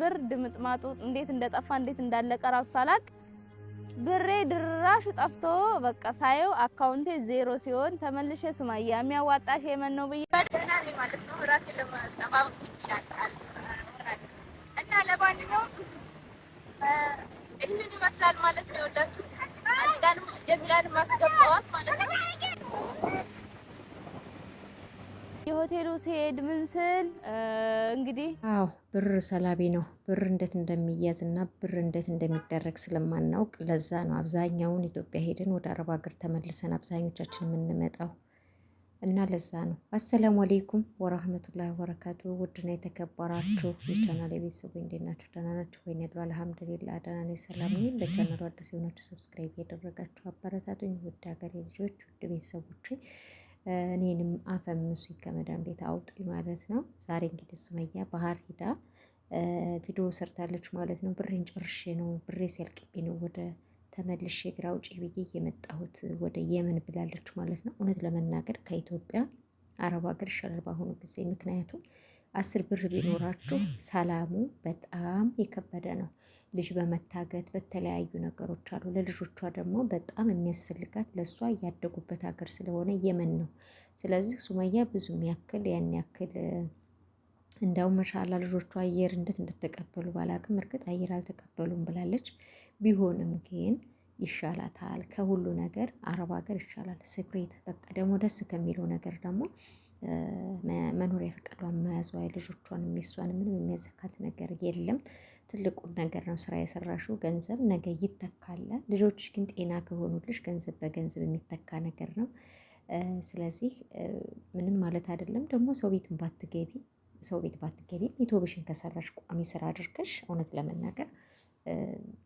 ብር ድምጥማጡ እንዴት እንደጠፋ እንዴት እንዳለቀ ራሱ ሳላቅ ብሬ ድራሹ ጠፍቶ በቃ ሳየው አካውንቴ ዜሮ ሲሆን ተመልሼ ሱማያ የሚያዋጣሽ የመን ነው ብዬ እና ለማንኛውም ይህንን ይመስላል ማለት ነው። ወዳችሁ አንድ ጀሚላን ማስገባዋት ማለት ነው። ሆቴሉ ሲሄድ ምን ስል እንግዲህ አዎ ብር ሰላቢ ነው። ብር እንዴት እንደሚያዝ እና ብር እንዴት እንደሚደረግ ስለማናውቅ ለዛ ነው አብዛኛውን ኢትዮጵያ ሄድን ወደ አረብ ሀገር ተመልሰን አብዛኞቻችን የምንመጣው እና ለዛ ነው። አሰላሙ አሌይኩም ወራህመቱላሂ ወበረካቱ። ውድና የተከበራችሁ የቻናል የቤተሰቡ እንዴት ናችሁ? ደህና ናችሁ ወይ? ያለው አልሐምዱሊላህ ደህና ነኝ፣ ሰላም ነኝ። ለቻናሉ አዲስ የሆናችሁ ሰብስክራይብ ያደረጋችሁ አበረታቱኝ። ውድ ሀገሬ ልጆች፣ ውድ ቤተሰቦች እኔንም አፈምሱኝ ከመዳን ቤት አውጡኝ ማለት ነው። ዛሬ እንግዲህ ሱመያ ባህር ሂዳ ቪዲዮ ሰርታለች ማለት ነው። ብሬን ጨርሼ ነው ብሬ ሲያልቅብኝ ነው ወደ ተመልሼ ግራ ውጪ ብዬ የመጣሁት ወደ የመን ብላለች ማለት ነው። እውነት ለመናገር ከኢትዮጵያ አረብ ሀገር ይሻላል በአሁኑ ጊዜ ምክንያቱም አስር ብር ቢኖራችሁ ሰላሙ በጣም የከበደ ነው። ልጅ በመታገት በተለያዩ ነገሮች አሉ። ለልጆቿ ደግሞ በጣም የሚያስፈልጋት ለእሷ ያደጉበት ሀገር ስለሆነ የመን ነው። ስለዚህ ሱመያ ብዙም ያክል ያን ያክል እንደውም መሻላ ልጆቿ አየር እንዴት እንደተቀበሉ ባላቅም፣ እርግጥ አየር አልተቀበሉም ብላለች። ቢሆንም ግን ይሻላታል ከሁሉ ነገር አረብ ሀገር ይሻላል። ስክሬት በቃ ደግሞ ደስ ከሚለው ነገር ደግሞ መኖሪያ ፈቃዷን መያዟ የልጆቿን የሚሷን ምንም የሚያዘካት ነገር የለም። ትልቁን ነገር ነው ስራ የሰራሽው ገንዘብ ነገ ይተካለ። ልጆች ግን ጤና ከሆኑልሽ ገንዘብ በገንዘብ የሚተካ ነገር ነው። ስለዚህ ምንም ማለት አይደለም። ደግሞ ሰው ቤትም ባትገቢ ሰው ቤት ባትገቢም ዩቲዩብሽን ከሰራሽ ቋሚ ስራ አድርገሽ እውነት ለመናገር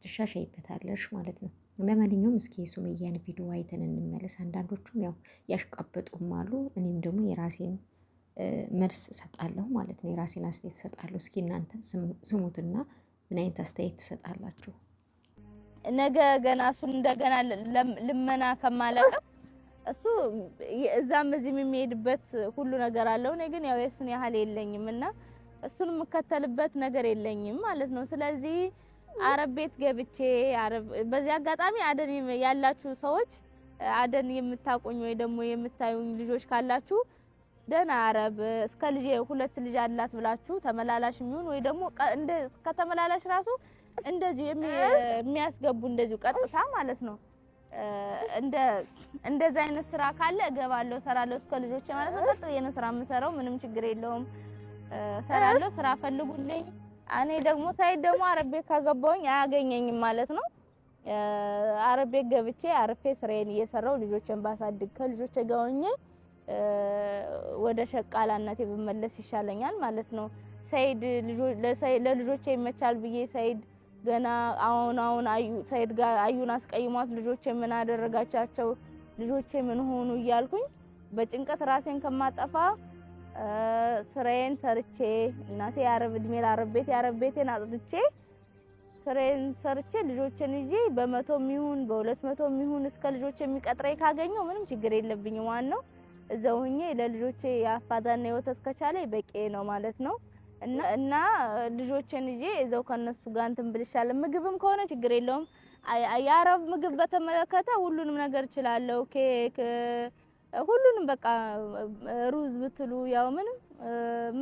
ትሻሻይበታለሽ ማለት ነው ለማንኛውም እስኪ የሱመያን ቪዲዮ አይተን እንመለስ። አንዳንዶቹም ያው ያሽቃበጡም አሉ። እኔም ደግሞ የራሴን መልስ እሰጣለሁ ማለት ነው፣ የራሴን አስተያየት እሰጣለሁ። እስኪ እናንተም ስሙትና ምን አይነት አስተያየት ትሰጣላችሁ? ነገ ገና እሱን እንደገና ልመና ከማለቀ እሱ እዛም እዚህም የሚሄድበት ሁሉ ነገር አለው። እኔ ግን ያው የእሱን ያህል የለኝም እና እሱን የምከተልበት ነገር የለኝም ማለት ነው። ስለዚህ አረብ ቤት ገብቼ አረብ በዚህ አጋጣሚ አደን ያላችሁ ሰዎች አደን የምታቆኝ ወይ ደግሞ የምታዩኝ ልጆች ካላችሁ ደህና አረብ እስከ ልጅ ሁለት ልጅ አላት ብላችሁ ተመላላሽ የሚሆን ወይ ደግሞ እንደ ከተመላላሽ ራሱ እንደዚሁ የሚያስገቡ እንደዚሁ ቀጥታ ማለት ነው። እንደ እንደዛ አይነት ስራ ካለ እገባለሁ፣ ሰራለሁ እስከ ልጆች ማለት ነው። ቀጥ የነ ስራ የምሰራው ምንም ችግር የለውም፣ ሰራለሁ። ስራ ፈልጉልኝ እኔ ደግሞ ሳይድ ደግሞ አረብ ቤት አያገኘኝም ማለት ነው። አረብ ገብቼ አርፌ ስራዬን እየሰራው ልጆችን ባሳድግ ከልጆች ጋር ሆኜ ወደ ሸቃላነቴ ብመለስ ይሻለኛል ማለት ነው። ሳይድ ለልጆቼ ይመቻል ብዬ ሳይድ ገና አሁን አሁን አዩ ሳይድ ጋር አዩን አስቀይሟት ልጆቼ ምን አደረጋቻቸው ልጆቼ ምን ሆኑ እያልኩኝ በጭንቀት ራሴን ከማጠፋ ስሬን ሰርቼ እናቴ ያረብ እድሜ ለአረብ ቤት የአረብ ቤቴን አጽድቼ ስራዬን ሰርቼ ልጆችን ይዤ በመቶ የሚሆን በሁለት መቶ የሚሆን እስከ ልጆች የሚቀጥረኝ ካገኘው ምንም ችግር የለብኝም። ነው እዛው ሆኜ ለልጆቼ የአፋዛና የወተት ከቻለ በቂ ነው ማለት ነው። እና ልጆችን ይዤ እዛው ከነሱ ጋር እንትን ብልሻለሁ። ምግብም ከሆነ ችግር የለውም። የአረብ ምግብ በተመለከተ ሁሉንም ነገር እችላለሁ። ኬክ ሁሉንም በቃ ሩዝ ብትሉ ያው ምንም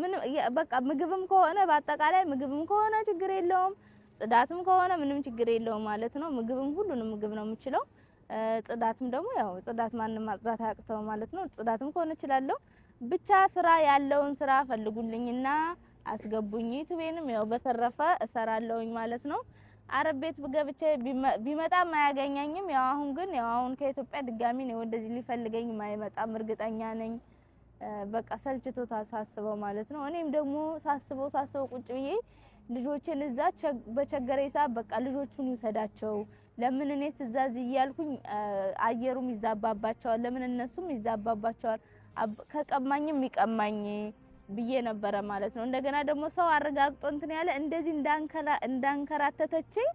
ምንም በቃ ምግብም ከሆነ በአጠቃላይ ምግብም ከሆነ ችግር የለውም፣ ጽዳትም ከሆነ ምንም ችግር የለውም ማለት ነው። ምግብም ሁሉንም ምግብ ነው የምችለው። ጽዳትም ደግሞ ያው ጽዳት ማንም ማጽዳት አያቅተው ማለት ነው። ጽዳትም ከሆነ እችላለሁ። ብቻ ስራ ያለውን ስራ ፈልጉልኝና አስገቡኝ። ዩቲዩቤንም ያው በተረፈ እሰራለሁኝ ማለት ነው። አረብ ቤት ገብቼ ቢመጣም አያገኛኝም ያው አሁን ግን ያው አሁን ከኢትዮጵያ ድጋሚ ነው ወደዚህ ሊፈልገኝ አይመጣም፣ እርግጠኛ ነኝ። በቃ ሰልችቶ ሳስበው ማለት ነው። እኔም ደግሞ ሳስበው ሳስበው ቁጭ ብዬ ልጆችን እዛ በቸገረ ሰዓት በቃ ልጆቹን ይውሰዳቸው፣ ለምን እኔ ትእዛዝ እያልኩኝ አየሩም ይዛባባቸዋል፣ ለምን እነሱም ይዛባባቸዋል፣ ከቀማኝም ይቀማኝ ብዬ ነበረ ማለት ነው። እንደገና ደግሞ ሰው አረጋግጦ እንትን ያለ እንደዚህ እንዳንከራ እንዳንከራተተችኝ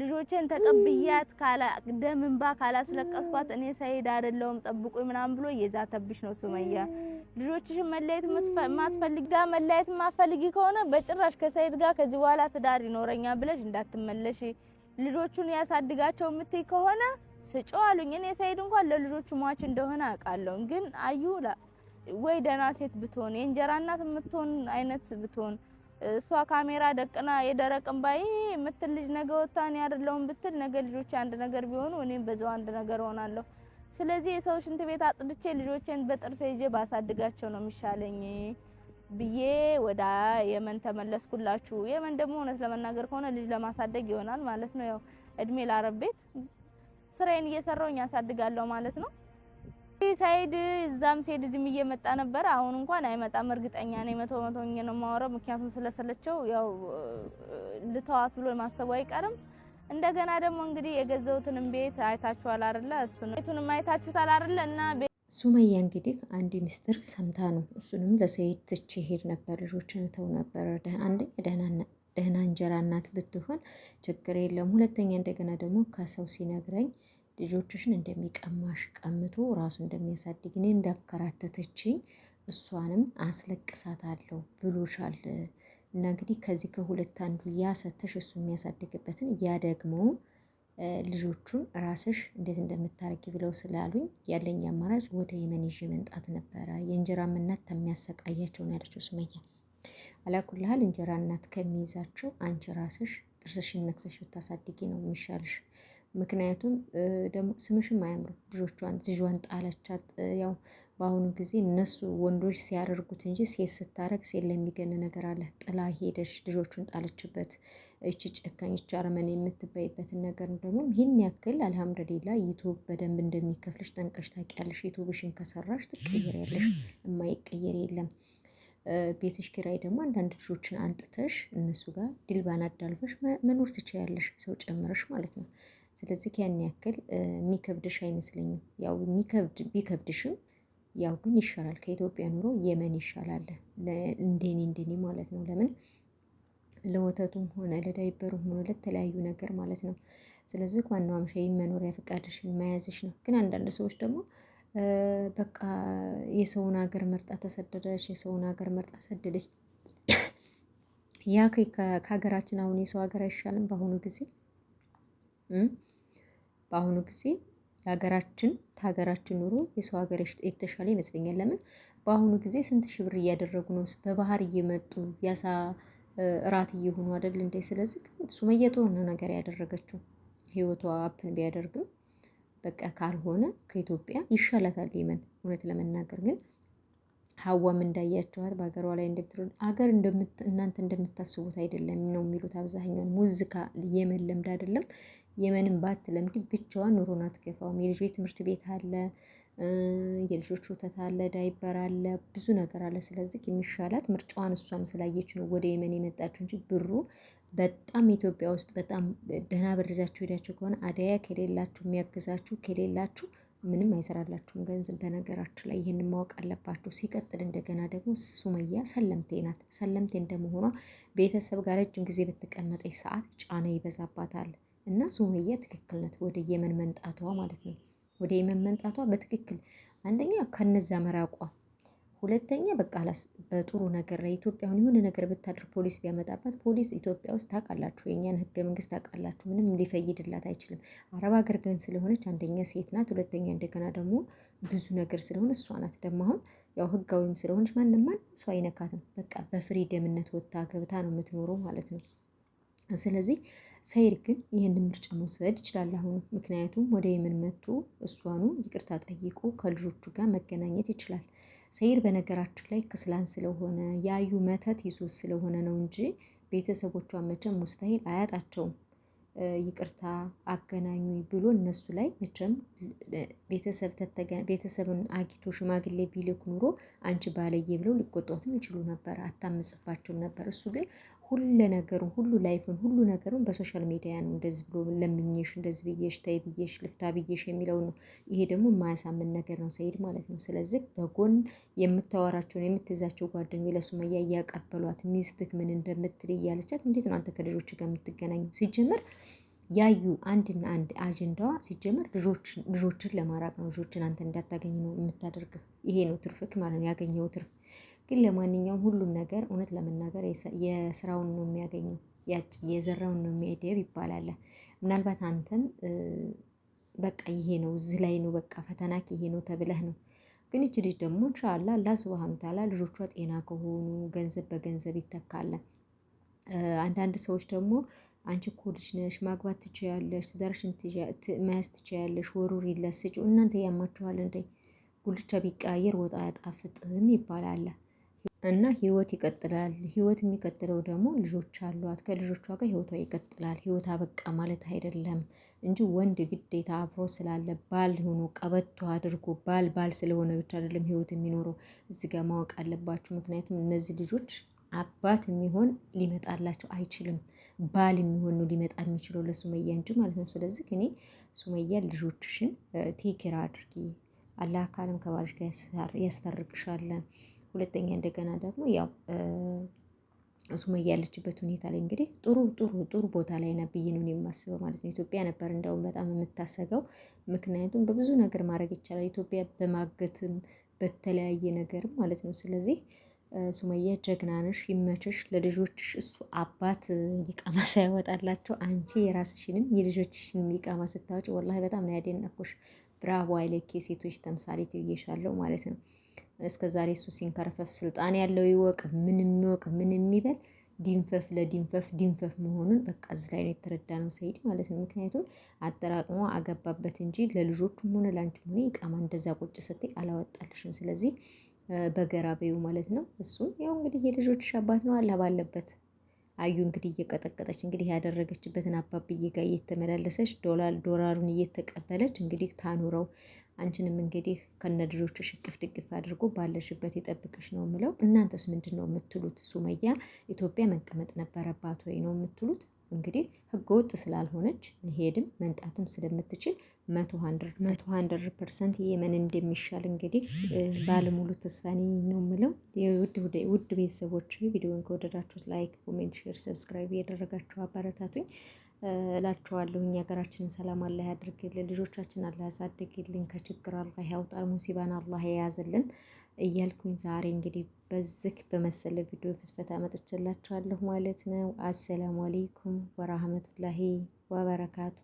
ልጆቼን ተቀብያት ካላ ደምንባ እንባ ካላስለቀስኳት እኔ ሰይድ አይደለሁም ጠብቁኝ ምናምን ብሎ እየዛተብሽ ነው ሱመያ። ልጆችሽ መለየት ማትፈልጋ መለየት ማፈልጊ ከሆነ በጭራሽ ከሰይድ ጋር ከዚህ በኋላ ትዳር ይኖረኛል ብለሽ እንዳትመለሽ። ልጆቹን ያሳድጋቸው የምትይ ከሆነ ስጮ አሉኝ። እኔ ሰይድ እንኳን ለልጆቹ ሟች እንደሆነ አውቃለሁ፣ ግን አዩ ወይ ደህና ሴት ብትሆን የእንጀራ እናት የምትሆን አይነት ብትሆን እሷ ካሜራ ደቅና የደረቅን ባይ የምትል ልጅ ነገ ወጥታ እኔ አይደለሁም ብትል ነገ ልጆች አንድ ነገር ቢሆኑ እኔም በዛው አንድ ነገር ሆናለሁ። ስለዚህ የሰው ሽንት ቤት አጽድቼ ልጆቼን በጥርሴ ይዤ ባሳድጋቸው ነው የሚሻለኝ ብዬ ወደ የመን ተመለስኩላችሁ። የመን ደግሞ እውነት ለመናገር ከሆነ ልጅ ለማሳደግ ይሆናል ማለት ነው። ያው እድሜ ላረብ ቤት ስራዬን እየሰራሁኝ ያሳድጋለሁ ማለት ነው። ሳይድ እዛም ሲሄድ እዚህም እየመጣ ነበረ። አሁን እንኳን አይመጣም እርግጠኛ ነኝ፣ መቶ መቶ ነው የማወራው። ምክንያቱም ስለሰለቸው ያው ልተዋት ብሎ ማሰቡ አይቀርም። እንደገና ደግሞ እንግዲህ የገዘውትንም ቤት አይታችኋል አይደለ? እሱን ቤቱንም አይታችሁታል አይደለ? እና ሱመያ እንግዲህ አንድ ሚስጥር ሰምታ ነው። እሱንም ለሰይድ ትቼ ሄድ ነበር፣ ልጆችን ተው ነበር። አንደኛ ደህና እንጀራ እናት ብትሆን ችግር የለም። ሁለተኛ እንደገና ደግሞ ከሰው ሲነግረኝ ልጆችሽን እንደሚቀማሽ ቀምቶ ራሱ እንደሚያሳድግ እኔ እንዳከራተተችኝ እሷንም አስለቅሳታለሁ ብሎሻል። እና እንግዲህ ከዚህ ከሁለት አንዱ ያሰተሽ እሱ የሚያሳድግበትን ያ ደግሞ ልጆቹን ራስሽ እንዴት እንደምታረጊ ብለው ስላሉኝ ያለኝ አማራጭ ወደ የመን ይዤ መምጣት ነበረ። የእንጀራ እናት ከሚያሰቃያቸው ነው ያለችው ሱመያ። አላኩልሃል እንጀራ እናት ከሚይዛቸው አንቺ ራስሽ ጥርስሽን ነክሰሽ ብታሳድጊ ነው የሚሻልሽ። ምክንያቱም ደግሞ ስምሽም አያምርም ልጆቿን ልጇን ጣለቻት። ያው በአሁኑ ጊዜ እነሱ ወንዶች ሲያደርጉት እንጂ ሴት ስታረግ ሴት ለሚገን ነገር አለ። ጥላ ሄደሽ ልጆቹን ጣለችበት። እቺ ጨካኝ እቺ አረመኔ የምትባይበትን ነገር ደግሞ ይህን ያክል አልሐምዱሊላ ዩቱብ በደንብ እንደሚከፍልሽ ጠንቀሽ ታውቂያለሽ። ዩቱብሽን ከሰራሽ ትቀየሪያለሽ፣ የማይቀየር የለም። ቤትሽ ኪራይ ደግሞ አንዳንድ ልጆችን አንጥተሽ እነሱ ጋር ድልባን አዳልፈሽ መኖር ትችያለሽ፣ ሰው ጨምረሽ ማለት ነው። ስለዚህ ያን ያክል የሚከብድሽ አይመስለኝም። ያው የሚከብድ ቢከብድሽም ያው ግን ይሻላል ከኢትዮጵያ ኑሮ የመን ይሻላል፣ እንደኔ እንደኔ ማለት ነው። ለምን ለወተቱም ሆነ ለዳይበሩ ሆነ ለተለያዩ ነገር ማለት ነው። ስለዚህ ዋናው አምሻ የመኖሪያ ፈቃድሽን መያዝሽ ነው። ግን አንዳንድ ሰዎች ደግሞ በቃ የሰውን ሀገር መርጣ ተሰደደች፣ የሰውን ሀገር መርጣ ሰደደች። ያ ከሀገራችን አሁን የሰው ሀገር አይሻልም በአሁኑ ጊዜ በአሁኑ ጊዜ የሀገራችን ከሀገራችን ኑሮ የሰው ሀገር የተሻለ ይመስለኛል። ለምን በአሁኑ ጊዜ ስንት ሺህ ብር እያደረጉ ነው በባህር እየመጡ ያሳ እራት እየሆኑ አደል እንዴ? ስለዚህ ሱመያ ጥሩ ነው ነገር ያደረገችው ህይወቷ አፕን ቢያደርግም በቃ ካልሆነ ከኢትዮጵያ ይሻላታል የመን እውነት ለመናገር ግን ሀዋም እንዳያቸዋት በሀገሯ ላይ እንደምትሮድ ሀገር እናንተ እንደምታስቡት አይደለም ነው የሚሉት አብዛኛውን ሙዚቃ የመለምድ አይደለም የምንም ባትለምድም ብቻዋን ኑሮን አትገፋውም። የልጅ ትምህርት ቤት አለ፣ የልጆች ወተት አለ፣ ዳይፐር አለ፣ ብዙ ነገር አለ። ስለዚህ የሚሻላት ምርጫዋን እሷም ስላየች ነው ወደ የመን የመጣችው እንጂ ብሩ በጣም ኢትዮጵያ ውስጥ በጣም ደህና ብር ይዛችሁ ሄዳችሁ ከሆነ አደያ ከሌላችሁ የሚያግዛችሁ ከሌላችሁ ምንም አይሰራላችሁም ገንዘብ። በነገራችሁ ላይ ይህን ማወቅ አለባችሁ። ሲቀጥል እንደገና ደግሞ ሱመያ ሰለምቴ ናት። ሰለምቴ እንደመሆኗ ቤተሰብ ጋር ረጅም ጊዜ በተቀመጠች ሰዓት ጫና ይበዛባታል። እና ሱመያ ትክክል ናት፣ ወደ የመን መንጣቷ ማለት ነው። ወደ የመን መንጣቷ በትክክል አንደኛ ከነዛ መራቋ፣ ሁለተኛ በቃ አላስ በጥሩ ነገር ላይ ኢትዮጵያ አሁን የሆነ ነገር ብታድር ፖሊስ ቢያመጣባት ፖሊስ ኢትዮጵያ ውስጥ ታውቃላችሁ፣ የእኛን ህገ መንግስት ታውቃላችሁ፣ ምንም ሊፈይድላት አይችልም። አረብ ሀገር ግን ስለሆነች አንደኛ ሴት ናት፣ ሁለተኛ እንደገና ደግሞ ብዙ ነገር ስለሆነ እሷ ናት ደግሞ አሁን ያው ህጋዊም ስለሆነች ማንም ማንም ሰው አይነካትም። በቃ በፍሪደምነት ወጥታ ገብታ ነው የምትኖረው ማለት ነው። ስለዚህ ሰይድ ግን ይህንን ምርጫ መውሰድ ይችላል አሁን። ምክንያቱም ወደ የመን መጥቶ እሷኑ ይቅርታ ጠይቆ ከልጆቹ ጋር መገናኘት ይችላል። ሰይድ በነገራችን ላይ ክስላን ስለሆነ ያዩ መተት ይዞ ስለሆነ ነው እንጂ ቤተሰቦቿ መቼም ሙስታሂል አያጣቸውም። ይቅርታ አገናኙ ብሎ እነሱ ላይ መቼም ቤተሰብን አጊቶ ሽማግሌ ቢልክ ኑሮ አንቺ ባለየ ብለው ሊቆጧትም ይችሉ ነበር፣ አታምጽባቸውም ነበር። እሱ ግን ሁለ ነገሩን ሁሉ ላይፍን ሁሉ ነገሩን በሶሻል ሚዲያ ነው። እንደዚህ ብሎ ለምኝሽ እንደዚህ ብዬሽ ተይ ብዬሽ ልፍታ ብዬሽ የሚለው ነው። ይሄ ደግሞ የማያሳምን ነገር ነው ሰይድ ማለት ነው። ስለዚህ በጎን የምታወራቸውን የምትይዛቸው ጓደኞች ለሱመያ እያቀበሏት ሚስትህ ምን እንደምትል እያለቻት እንዴት ነው አንተ ከልጆች ጋር የምትገናኙ? ሲጀመር ያዩ አንድና አንድ አጀንዳዋ ሲጀመር ልጆችን ለማራቅ ነው። ልጆችን አንተ እንዳታገኝ ነው የምታደርግህ። ይሄ ነው ትርፍክ ማለት ነው ያገኘው ትርፍ ግን ለማንኛውም ሁሉም ነገር እውነት ለመናገር የስራውን ነው የሚያገኘው ያጭ የዘራውን ነው የሚያደብ ይባላል። ምናልባት አንተም በቃ ይሄ ነው እዚህ ላይ ነው በቃ ፈተናክ ይሄ ነው ተብለህ ነው። ግን እቺ ልጅ ደግሞ እንሻላ አላህ ስብሃኑ ወተዓላ ልጆቿ ጤና ከሆኑ ገንዘብ በገንዘብ ይተካለ። አንዳንድ ሰዎች ደግሞ አንቺ እኮ ልጅ ነሽ ማግባት ትችያለሽ ትዳርሽን መያዝ ትችያለሽ ወሩር ይለስጭ እናንተ ያማችኋል እንዴ? ጉልቻ ቢቀያየር ወጣ አያጣፍጥም ይባላል እና ህይወት ይቀጥላል። ህይወት የሚቀጥለው ደግሞ ልጆች አሏት ከልጆቿ ጋር ህይወቷ ይቀጥላል ህይወት አበቃ ማለት አይደለም። እንጂ ወንድ ግዴታ አብሮ ስላለ ባል ሆኖ ቀበቶ አድርጎ ባል ባል ስለሆነ ብቻ አይደለም ህይወት የሚኖረው። እዚህ ጋር ማወቅ አለባችሁ ምክንያቱም እነዚህ ልጆች አባት የሚሆን ሊመጣላቸው አይችልም። ባል የሚሆን ነው ሊመጣ የሚችለው ለሱመያ እንጂ ማለት ነው። ስለዚህ እኔ ሱመያ ልጆችሽን ቴክር አድርጊ አላህ ካለም ከባልሽ ጋር ያስታርቅሻል። ሁለተኛ እንደገና ደግሞ ያው ሱመያ ያለችበት ሁኔታ ላይ እንግዲህ ጥሩ ጥሩ ጥሩ ቦታ ላይ ና ብዬ ነው የማስበው ማለት ነው። ኢትዮጵያ ነበር እንደውም በጣም የምታሰገው፣ ምክንያቱም በብዙ ነገር ማድረግ ይቻላል ኢትዮጵያ በማገትም በተለያየ ነገርም ማለት ነው። ስለዚህ ሱመያ ጀግናንሽ፣ ይመችሽ። ለልጆችሽ እሱ አባት ይቃማ ሳያወጣላቸው አንቺ የራስሽንም የልጆችሽንም ይቃማ ስታወጭ ወላሂ በጣም ነው ያደነቅኩሽ። ብራቮ አይለኬ ሴቶች ተምሳሌ ትይሻለው ማለት ነው። እስከ ዛሬ እሱ ሲንከረፈፍ ስልጣን ያለው ይወቅ ምን የሚወቅ ምን የሚበል ዲንፈፍ ለዲንፈፍ ዲንፈፍ መሆኑን በቃ እዚህ ላይ ነው የተረዳ ነው ሰይድ ማለት ነው። ምክንያቱም አጠራቅሞ አገባበት እንጂ ለልጆቹም ሆነ ለአንቺም ሆነ ይቃማ እንደዛ ቁጭ ስትይ አላወጣልሽም። ስለዚህ በገራቤው ማለት ነው። እሱም ያው እንግዲህ የልጆች አባት ነው አላ ባለበት አዩ እንግዲህ እየቀጠቀጠች እንግዲህ ያደረገችበትን አባብዬ ጋር እየተመላለሰች ዶላር ዶላሩን እየተቀበለች እንግዲህ ታኑረው አንቺንም እንግዲህ ከነልጆቹ ሽቅፍ ድግፍ አድርጎ ባለሽበት የጠብቅሽ ነው የምለው። እናንተስ ምንድን ነው የምትሉት? ሱመያ ኢትዮጵያ መቀመጥ ነበረባት ወይ ነው የምትሉት? እንግዲህ ህገ ወጥ ስላልሆነች መሄድም መንጣትም ስለምትችል መቶ ሀንድርድ መቶ ሀንድርድ ፐርሰንት የመን እንደሚሻል እንግዲህ ባለሙሉ ተስፋ ነው የምለው። ውድ ቤተሰቦች ቪዲዮን ከወደዳችሁት ላይክ፣ ኮሜንት፣ ሼር፣ ሰብስክራይብ እያደረጋችሁ አበረታቱኝ እኛ ሀገራችንን ሰላም አላህ ያድርግልን፣ ልጆቻችን አላህ ያሳድግልን፣ ከችግር አላህ ያውጣል፣ ሙሲባን አላህ የያዘልን። እያልኩኝ ዛሬ እንግዲህ በዝክ በመሰለ ቪዲዮ ፍትፈት መጥቼላችኋለሁ ማለት ነው። አሰላሙ አሌይኩም ወራህመቱላሂ ወበረካቱ